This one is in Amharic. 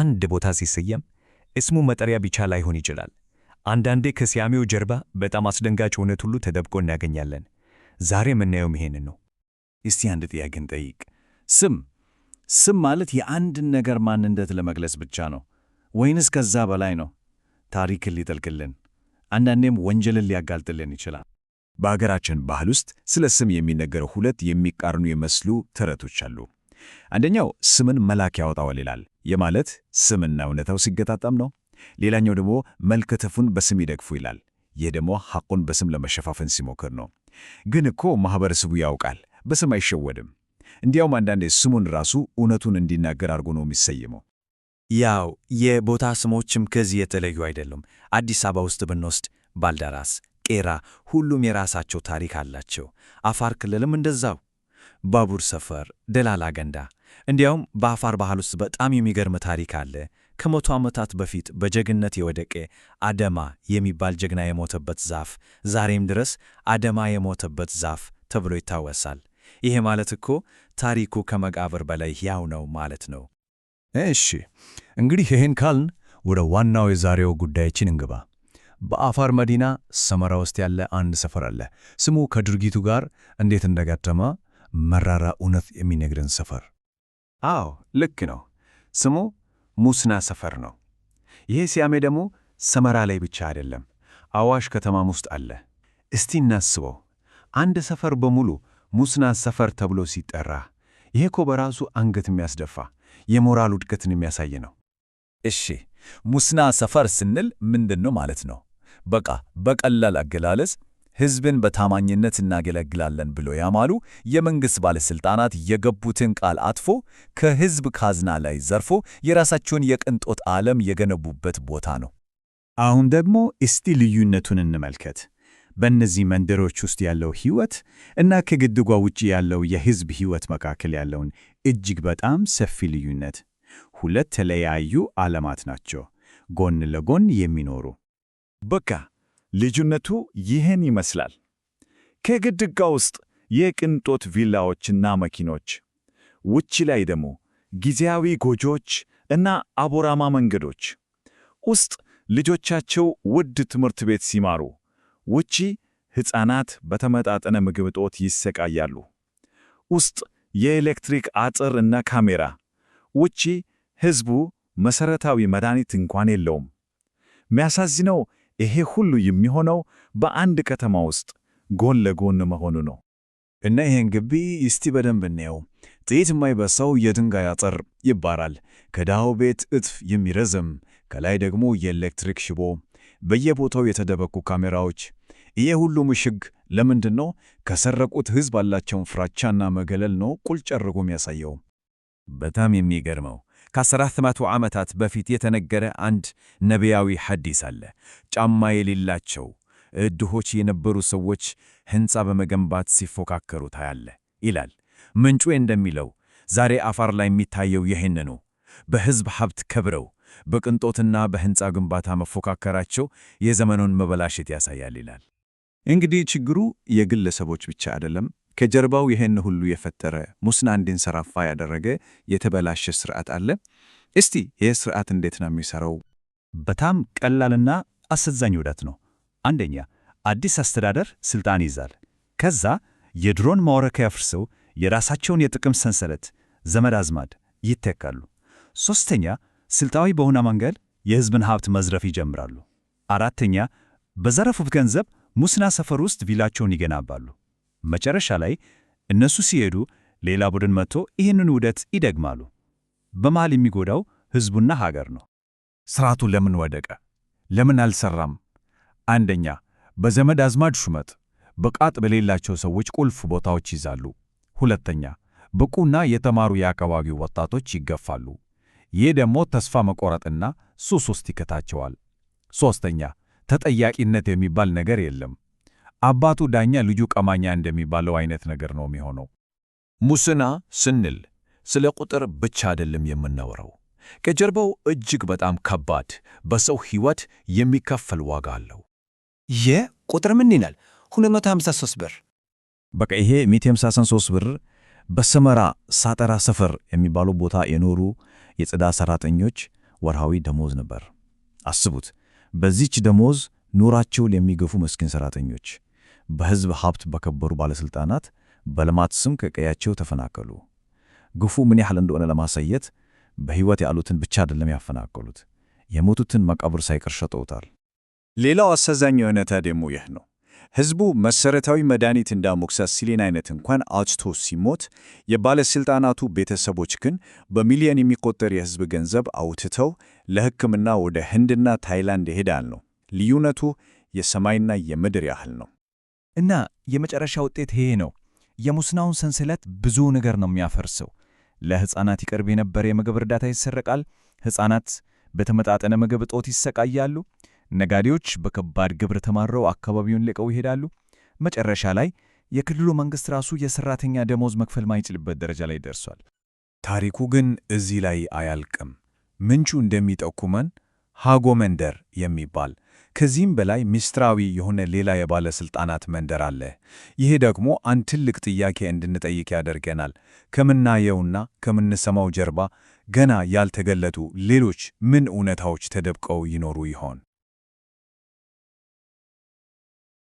አንድ ቦታ ሲሰየም እስሙ መጠሪያ ብቻ ላይሆን ይችላል። አንዳንዴ ከስያሜው ጀርባ በጣም አስደንጋጭ እውነት ሁሉ ተደብቆ እናገኛለን። ዛሬ የምናየውም ይሄንን ነው። እስቲ አንድ ጥያቄን ጠይቅ። ስም ስም ማለት የአንድን ነገር ማንነት ለመግለጽ ብቻ ነው ወይንስ ከዛ በላይ ነው? ታሪክን ሊጠልቅልን አንዳንዴም ወንጀልን ሊያጋልጥልን ይችላል። በአገራችን ባህል ውስጥ ስለ ስም የሚነገረው ሁለት የሚቃርኑ የመስሉ ተረቶች አሉ። አንደኛው ስምን መልአክ ያወጣዋል ይላል። የማለት ስምና እውነታው ሲገጣጠም ነው። ሌላኛው ደግሞ መልከተፉን በስም ይደግፉ ይላል። ይህ ደግሞ ሐቁን በስም ለመሸፋፈን ሲሞክር ነው። ግን እኮ ማኅበረሰቡ ያውቃል፣ በስም አይሸወድም። እንዲያውም አንዳንዴ ስሙን ራሱ እውነቱን እንዲናገር አድርጎ ነው የሚሰይመው። ያው የቦታ ስሞችም ከዚህ የተለዩ አይደሉም። አዲስ አበባ ውስጥ ብንወስድ ባልደራስ፣ ቄራ፣ ሁሉም የራሳቸው ታሪክ አላቸው። አፋር ክልልም እንደዛው። ባቡር ሰፈር፣ ደላላ ገንዳ። እንዲያውም በአፋር ባህል ውስጥ በጣም የሚገርም ታሪክ አለ። ከመቶ ዓመታት በፊት በጀግንነት የወደቀ አደማ የሚባል ጀግና የሞተበት ዛፍ ዛሬም ድረስ አደማ የሞተበት ዛፍ ተብሎ ይታወሳል። ይሄ ማለት እኮ ታሪኩ ከመቃብር በላይ ያው ነው ማለት ነው። እሺ እንግዲህ ይህን ካልን ወደ ዋናው የዛሬው ጉዳያችን እንግባ። በአፋር መዲና ሰመራ ውስጥ ያለ አንድ ሰፈር አለ። ስሙ ከድርጊቱ ጋር እንዴት እንደጋደማ? መራራ እውነት የሚነግረን ሰፈር። አዎ ልክ ነው። ስሙ ሙስና ሰፈር ነው። ይሄ ሲያሜ ደግሞ ሰመራ ላይ ብቻ አይደለም፣ አዋሽ ከተማም ውስጥ አለ። እስቲ እናስበው፣ አንድ ሰፈር በሙሉ ሙስና ሰፈር ተብሎ ሲጠራ፣ ይሄ እኮ በራሱ አንገት የሚያስደፋ የሞራል ውድቀትን የሚያሳይ ነው። እሺ ሙስና ሰፈር ስንል ምንድን ነው ማለት ነው? በቃ በቀላል አገላለጽ ሕዝብን በታማኝነት እናገለግላለን ብሎ ያማሉ የመንግሥት ባለሥልጣናት የገቡትን ቃል አጥፎ ከሕዝብ ካዝና ላይ ዘርፎ የራሳቸውን የቅንጦት ዓለም የገነቡበት ቦታ ነው። አሁን ደግሞ እስቲ ልዩነቱን እንመልከት። በእነዚህ መንደሮች ውስጥ ያለው ሕይወት እና ከግድጓ ውጭ ያለው የሕዝብ ሕይወት መካከል ያለውን እጅግ በጣም ሰፊ ልዩነት ሁለት ተለያዩ ዓለማት ናቸው ጎን ለጎን የሚኖሩ በቃ ልዩነቱ ይህን ይመስላል። ከግድግዳ ውስጥ የቅንጦት ቪላዎችና መኪኖች፣ ውጭ ላይ ደግሞ ጊዜያዊ ጎጆዎች እና አቦራማ መንገዶች። ውስጥ ልጆቻቸው ውድ ትምህርት ቤት ሲማሩ፣ ውጪ ሕፃናት በተመጣጠነ ምግብ እጦት ይሰቃያሉ። ውስጥ የኤሌክትሪክ አጥር እና ካሜራ፣ ውጪ ሕዝቡ መሠረታዊ መድኃኒት እንኳን የለውም። የሚያሳዝነው ይሄ ሁሉ የሚሆነው በአንድ ከተማ ውስጥ ጎን ለጎን መሆኑ ነው። እና ይህን ግቢ እስቲ በደንብ እንየው። ጥይት የማይበሳው የድንጋይ አጥር ይባላል። ከድሃው ቤት እጥፍ የሚረዝም ከላይ ደግሞ የኤሌክትሪክ ሽቦ፣ በየቦታው የተደበቁ ካሜራዎች። ይሄ ሁሉ ምሽግ ለምንድን ነው? ከሰረቁት ሕዝብ አላቸው ፍራቻና መገለል ነው ቁልጭ አድርጎ የሚያሳየው። በጣም የሚገርመው ከአስራት መቶ ዓመታት በፊት የተነገረ አንድ ነቢያዊ ሐዲስ አለ። ጫማ የሌላቸው ድሆች የነበሩ ሰዎች ሕንፃ በመገንባት ሲፎካከሩ ታያለ ይላል። ምንጩ እንደሚለው ዛሬ አፋር ላይ የሚታየው ይህንኑ በሕዝብ ሀብት ከብረው በቅንጦትና በሕንፃ ግንባታ መፎካከራቸው የዘመኑን መበላሸት ያሳያል ይላል። እንግዲህ ችግሩ የግለሰቦች ብቻ አይደለም፣ ከጀርባው ይህን ሁሉ የፈጠረ ሙስና እንዲንሰራፋ ያደረገ የተበላሸ ስርዓት አለ። እስቲ ይህ ስርዓት እንዴት ነው የሚሰራው? በጣም ቀላልና አሳዛኝ ውህደት ነው። አንደኛ አዲስ አስተዳደር ስልጣን ይዛል። ከዛ የድሮን ማወረኪያ ያፍርሰው የራሳቸውን የጥቅም ሰንሰለት ዘመድ አዝማድ ይተካሉ። ሶስተኛ ስልታዊ በሆነ መንገድ የህዝብን ሀብት መዝረፍ ይጀምራሉ። አራተኛ በዘረፉት ገንዘብ ሙስና ሰፈር ውስጥ ቪላቸውን ይገነባሉ። መጨረሻ ላይ እነሱ ሲሄዱ ሌላ ቡድን መጥቶ ይህንን ውደት ይደግማሉ። በመሃል የሚጎዳው ሕዝቡና ሀገር ነው። ስርዓቱ ለምን ወደቀ? ለምን አልሰራም? አንደኛ በዘመድ አዝማድ ሹመት ብቃት በሌላቸው ሰዎች ቁልፍ ቦታዎች ይዛሉ። ሁለተኛ ብቁና የተማሩ የአካባቢው ወጣቶች ይገፋሉ። ይህ ደግሞ ተስፋ መቆረጥና ሱስ ውስጥ ይከታቸዋል። ሦስተኛ ተጠያቂነት የሚባል ነገር የለም። አባቱ ዳኛ፣ ልጁ ቀማኛ እንደሚባለው አይነት ነገር ነው የሚሆነው። ሙስና ስንል ስለ ቁጥር ብቻ አይደለም የምናወራው። ከጀርባው እጅግ በጣም ከባድ በሰው ሕይወት የሚከፈል ዋጋ አለው። ይህ ቁጥር ምን ይላል? 253 ብር። በቃ ይሄ 153 ብር በሰመራ ሳጠራ ሰፈር የሚባለው ቦታ የኖሩ የጽዳ ሠራተኞች ወርሃዊ ደሞዝ ነበር። አስቡት፣ በዚች ደሞዝ ኑራቸውን የሚገፉ መስኪን ሠራተኞች በሕዝብ ሀብት በከበሩ ባለሥልጣናት በልማት ስም ከቀያቸው ተፈናቀሉ። ግፉ ምን ያህል እንደሆነ ለማሳየት በሕይወት ያሉትን ብቻ አይደለም ያፈናቀሉት፣ የሞቱትን መቃብር ሳይቀር ሸጠውታል። ሌላው አሳዛኝ እውነታ ደግሞ ይህ ነው። ሕዝቡ መሠረታዊ መድኃኒት እንደ አሞክሲሲሊን አይነት እንኳን አጭቶ ሲሞት፣ የባለሥልጣናቱ ቤተሰቦች ግን በሚሊዮን የሚቆጠር የሕዝብ ገንዘብ አውትተው ለሕክምና ወደ ህንድና ታይላንድ ይሄዳል ነው። ልዩነቱ የሰማይና የምድር ያህል ነው። እና የመጨረሻ ውጤት ይሄ ነው። የሙስናውን ሰንሰለት ብዙ ነገር ነው የሚያፈርሰው። ለሕፃናት ይቀርብ የነበረ የምግብ እርዳታ ይሰረቃል። ሕፃናት በተመጣጠነ ምግብ እጦት ይሰቃያሉ። ነጋዴዎች በከባድ ግብር ተማረው አካባቢውን ልቀው ይሄዳሉ። መጨረሻ ላይ የክልሉ መንግሥት ራሱ የሠራተኛ ደሞዝ መክፈል ማይችልበት ደረጃ ላይ ደርሷል። ታሪኩ ግን እዚህ ላይ አያልቅም። ምንቹ እንደሚጠቁመን ሐጎ መንደር የሚባል ከዚህም በላይ ምስጢራዊ የሆነ ሌላ የባለሥልጣናት መንደር አለ። ይሄ ደግሞ አንድ ትልቅ ጥያቄ እንድንጠይቅ ያደርገናል። ከምናየውና ከምንሰማው ጀርባ ገና ያልተገለጡ ሌሎች ምን እውነታዎች ተደብቀው ይኖሩ ይሆን?